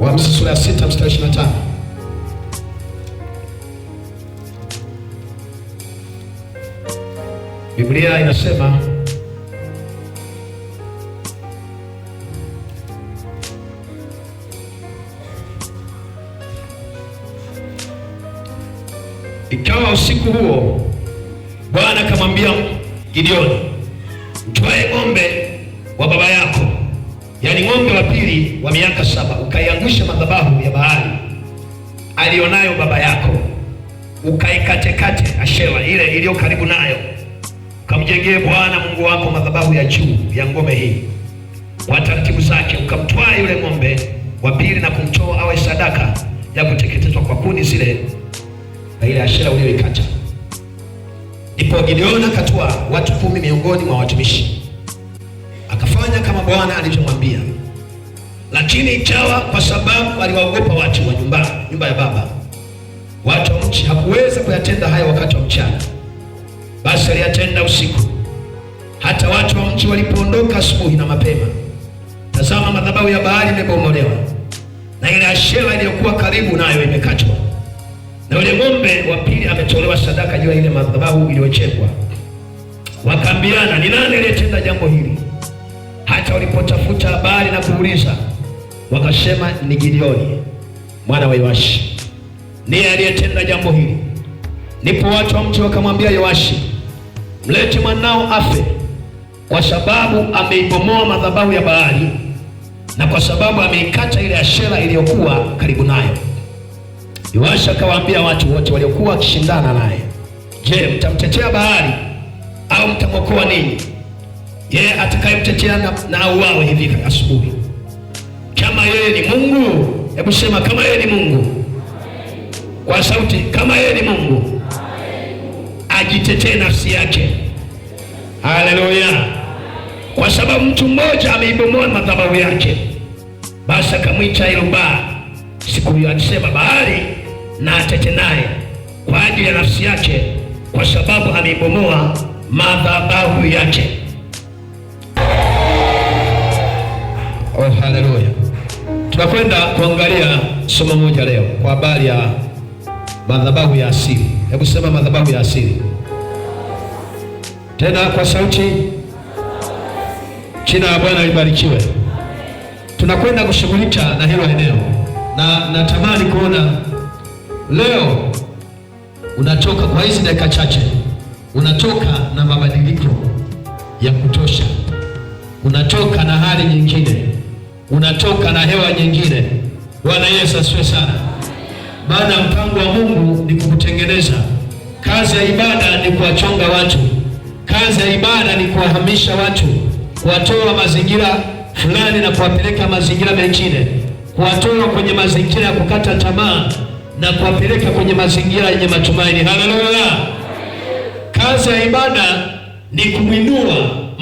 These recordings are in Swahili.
Waamuzi sura ya 6 mstari 25. Biblia inasema Ikawa usiku huo Bwana akamwambia Gideoni, mtwae ng'ombe wa baba yako wa miaka saba ukaiangusha madhabahu ya Baali alionayo baba yako, ukaikatekate Ashera ile iliyo karibu nayo, ukamjengee Bwana Mungu wako madhabahu ya juu ya ngome hii kwa taratibu zake, ukamtwaa yule ng'ombe wa pili na kumtoa awe sadaka ya kuteketezwa kwa kuni zile na ile Ashera uliyoikata. Ndipo Gideoni akatwaa watu kumi miongoni mwa watumishi, akafanya kama Bwana alivyomwambia lakini ikawa kwa sababu aliwaogopa watu wa nyumba nyumba ya baba, watu wa mchi, hakuweza kuyatenda haya wakati wa mchana, basi aliyatenda usiku. Hata watu wa mchi walipoondoka asubuhi na mapema, tazama, madhabahu ya Baali imebomolewa na ile ashera iliyokuwa karibu nayo imekatwa, na yule ng'ombe wa pili ametolewa sadaka juu ya ile madhabahu iliyochekwa. Wakaambiana, ni nani aliyetenda jambo hili? Hata walipotafuta habari na kuuliza wakasema ni Gideoni mwana wa Yoashi ndiye aliyetenda jambo hili. Ndipo watu wa mji wakamwambia Yoashi, mlete mwanao afe, kwa sababu ameibomoa madhabahu ya Baali na kwa sababu ameikata ile ashera iliyokuwa karibu nayo. Yoashi akawaambia watu wote waliokuwa wakishindana naye, je, mtamtetea Baali au mtamwokoa ninyi? Yeye atakayemtetea na, na auawe hivi asubuhi kama yeye ni Mungu. Hebu sema kama yeye ni Mungu kwa sauti, kama yeye ni Mungu, ajitetee nafsi yake. Haleluya! Kwa sababu mtu mmoja ameibomoa madhabahu yake, basi akamwita Yerubaa siku hiyo akisema, bahari na atete naye kwa ajili ya nafsi yake, kwa sababu ameibomoa madhabahu yake. Oh, haleluya! Tunakwenda kuangalia somo moja leo kwa habari ya madhabahu ya asili. Hebu sema madhabahu ya asili tena kwa sauti. Jina la Bwana libarikiwe. Tunakwenda kushughulika na hilo eneo, na natamani kuona leo unatoka kwa hizi dakika chache, unatoka na mabadiliko ya kutosha, unatoka na hali nyingine unatoka na hewa nyingine. Bwana Yesu asifiwe sana. Maana mpango wa Mungu ni kukutengeneza. Kazi ya ibada ni kuwachonga watu, kazi ya ibada ni kuwahamisha watu, kuwatoa mazingira fulani na kuwapeleka mazingira mengine, kuwatoa kwenye mazingira ya kukata tamaa na kuwapeleka kwenye mazingira yenye matumaini. Haleluya! Kazi ya ibada ni kumwinua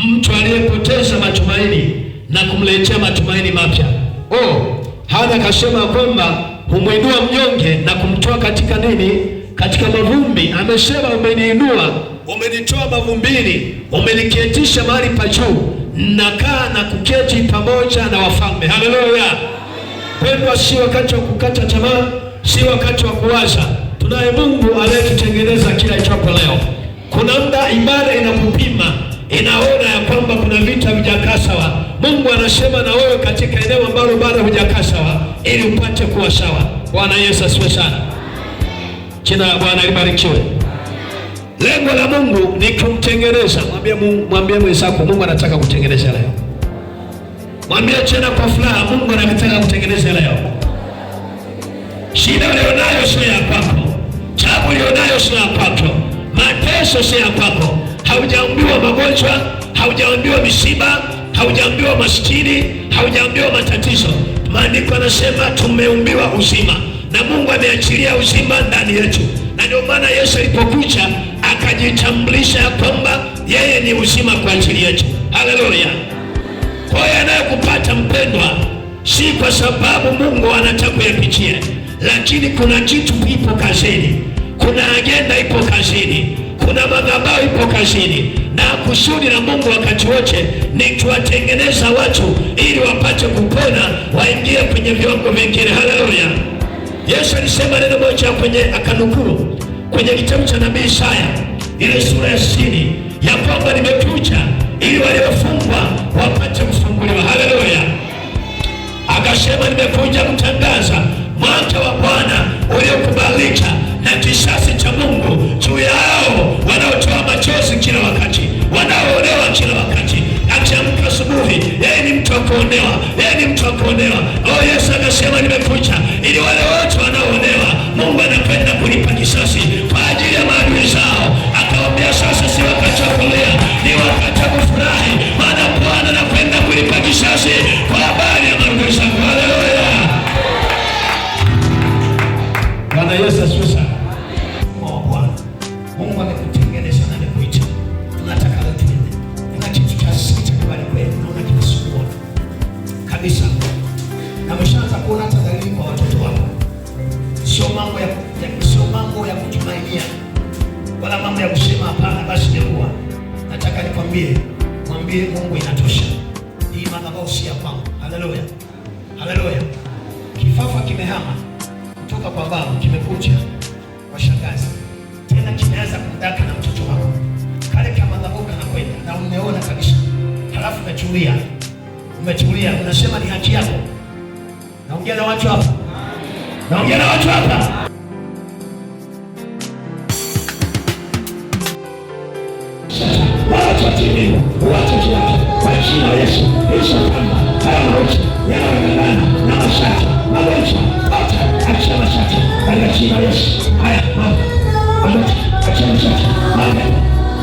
mtu aliyepoteza matumaini na kumletea matumaini mapya. Oh, hata akasema kwamba humwinua mnyonge na kumtoa katika nini? Katika mavumbi. Amesema umeniinua, umenitoa mavumbini, umeniketisha mahali pa juu, nakaa na kuketi pamoja na wafalme. Haleluya! Pendwa, si wakati wa kukata tamaa, si wakati wa kuwaza. Tunaye Mungu aliyetutengeneza kila ichapo leo. Kuna muda ibada inakupima, inaona ya kwamba kuna vita vija sawa. Mungu anasema na wewe katika eneo ambalo bado hujakaa sawa, ili upate kuwa sawa. Bwana Yesu asifiwe sana. Jina la Bwana libarikiwe. Lengo la Mungu ni kumtengeneza. Mwambie Mungu, mwambie mwenzako, Mungu anataka kutengeneza leo. Mwambie tena kwa furaha, Mungu anataka kutengeneza leo. Shida ulionayo sio ya kwako, tabu ulionayo sio ya kwako, mateso sio ya kwako. Haujaambiwa magonjwa, haujaambiwa misiba haujaambiwa maskini, haujaambiwa matatizo. Maandiko anasema tumeumbiwa uzima, na Mungu ameachilia uzima ndani yetu, na ndio maana Yesu alipokuja akajitambulisha kwamba yeye ni uzima kwa ajili yetu. Haleluya! Kwa hiyo anayekupata mpendwa, si kwa sababu Mungu anataka yapitie, lakini kuna kitu kipo kazini, kuna agenda ipo kazini, kuna madhabahu ipo kazini na kusudi la Mungu wakati wote ni kuwatengeneza watu ili wapate kupona, waingie kwenye viwango vingine. Haleluya! Yesu alisema neno moja kwenye akanukuru kwenye kitabu cha nabii Isaya ile sura ya sitini ya kwamba nimekuja ili waliofungwa wapate kufunguliwa. Haleluya! Akasema nimekuja kutangaza mwaka wa Bwana uliokubalika na kisasi cha Mungu juu yao wanaotoa machozi kila wakati, wanaoonewa kila wakati. Akiamka asubuhi, yeye ni mtu wa kuonewa, yeye ni mtu wa kuonewa. Oh, Yesu anasema nimekuja ili wale wote wanaoonewa, Mungu anapenda kulipa kisasi. mambo ya kujimainia wala mambo ya kusema hapana, basi nikuwa. Nataka nikwambie, mwambie Mungu inatosha, hii madhabahu si ya kwangu. Haleluya, haleluya. Kifafa kimehama kutoka kwa babu, kimekuja kwa shangazi, tena kimeanza kudaka na mtoto wako, kale kama madhabahu kanakwenda na umeona kabisa, halafu umechulia, umechulia, unasema ni haki yako. Naongea na watu hapa, naongea na watu hapa kutegemea, uwache njia yako kwa jina la Yesu. Yesu kwamba haya maovu yanayolingana na mashati, magonjwa, hata acha mashati katika jina la Yesu. Haya mambo ambacho acha mashati, mambo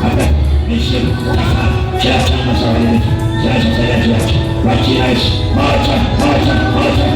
hapa nishi tafadhali, kila chama za wanene zinazozalia juu yake kwa jina la Yesu. Moja, moja, moja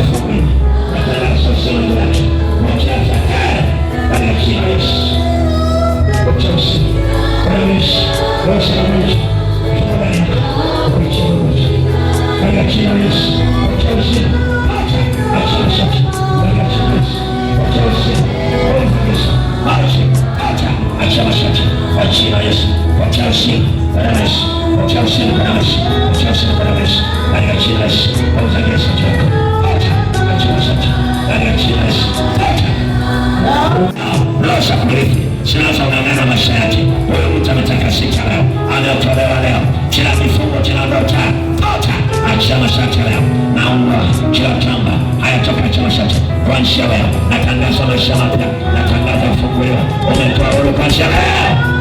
çalışsın, veremez. O çalışsın, veremez. O çalışsın, veremez. Vergesiz, omuza gelsin çocuk. Alça, açılmasın. Vergesiz, alça. Losa polisi, zinazong'ang'ana na masharti, huyu mtu ametaka sita leo, ameotolewa leo, kila kifungo kila ndoto, tota, achia masharti leo, naomba kila tamba hayatoka, achia masharti kuanzia leo, natangaza maisha mapya, natangaza ufunguo, umepewa huru kuanzia leo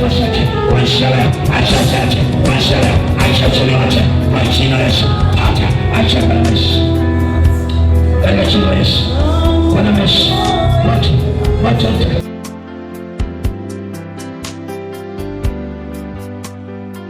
maisha machache, maisha leo, maisha chache, maisha leo, maisha chelewache, kwa jina la Yesu, pata maisha kwa Yesu, kwa jina la Yesu, kwa Yesu, watu watu